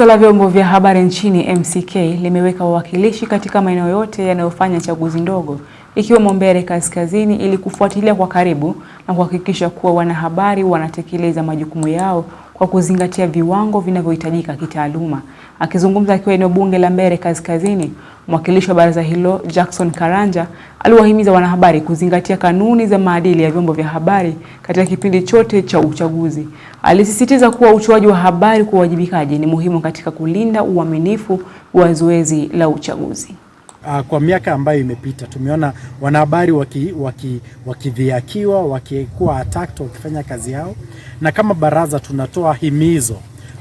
Baraza la vyombo vya habari nchini MCK limeweka wawakilishi katika maeneo yote yanayofanya chaguzi ndogo ikiwemo Mbeere Kaskazini ili kufuatilia kwa karibu na kuhakikisha kuwa wanahabari wanatekeleza majukumu yao kwa kuzingatia viwango vinavyohitajika kitaaluma. Akizungumza akiwa eneo bunge la Mbeere Kaskazini, mwakilishi wa baraza hilo Jackson Karanja aliwahimiza wanahabari kuzingatia kanuni za maadili ya vyombo vya habari katika kipindi chote cha uchaguzi. Alisisitiza kuwa utoaji wa habari kwa uwajibikaji ni muhimu katika kulinda uaminifu wa zoezi la uchaguzi uh, kwa miaka ambayo imepita tumeona wanahabari wakidhiakiwa, waki, waki wakikuwa attacked wakifanya kazi yao, na kama baraza tunatoa himizo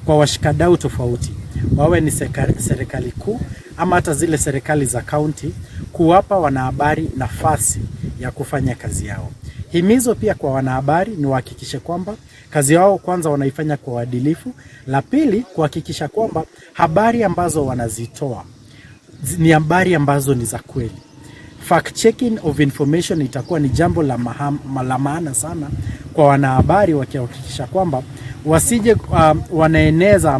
kwa washikadau tofauti, wawe ni serikali kuu ama hata zile serikali za kaunti, kuwapa wanahabari nafasi ya kufanya kazi yao. Himizo pia kwa wanahabari ni wahakikishe kwamba kazi yao kwanza wanaifanya kwa uadilifu, la pili kuhakikisha kwamba habari ambazo wanazitoa ni habari ambazo ni za kweli. Fact checking of information itakuwa ni jambo la, la maana sana kwa wanahabari, wakihakikisha kwamba wasije uh, wanaeneza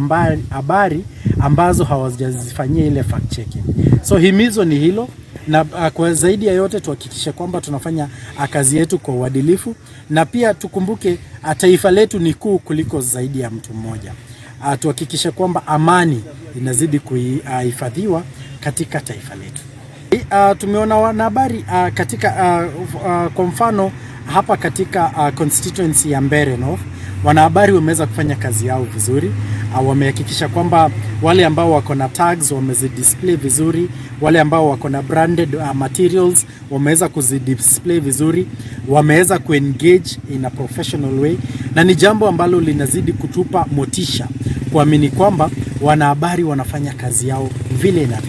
habari ambazo hawajazifanyia ile fact checking. So himizo ni hilo na uh, kwa zaidi ya yote tuhakikishe kwamba tunafanya uh, kazi yetu kwa uadilifu, na pia tukumbuke uh, taifa letu ni kuu kuliko zaidi ya mtu mmoja. Uh, tuhakikishe kwamba amani inazidi kuhifadhiwa. Uh, katika taifa letu. Uh, tumeona wanahabari uh, katika uh, uh, kwa mfano hapa katika uh, constituency ya Mbeere North wanahabari wameweza kufanya kazi yao vizuri. Uh, wamehakikisha kwamba wale ambao wako na tags wamezidisplay vizuri, wale ambao wako na branded uh, materials wameweza kuzidisplay vizuri, wameweza kuengage in a professional way, na ni jambo ambalo linazidi kutupa motisha kuamini kwamba wanahabari wanafanya kazi yao vile inavyo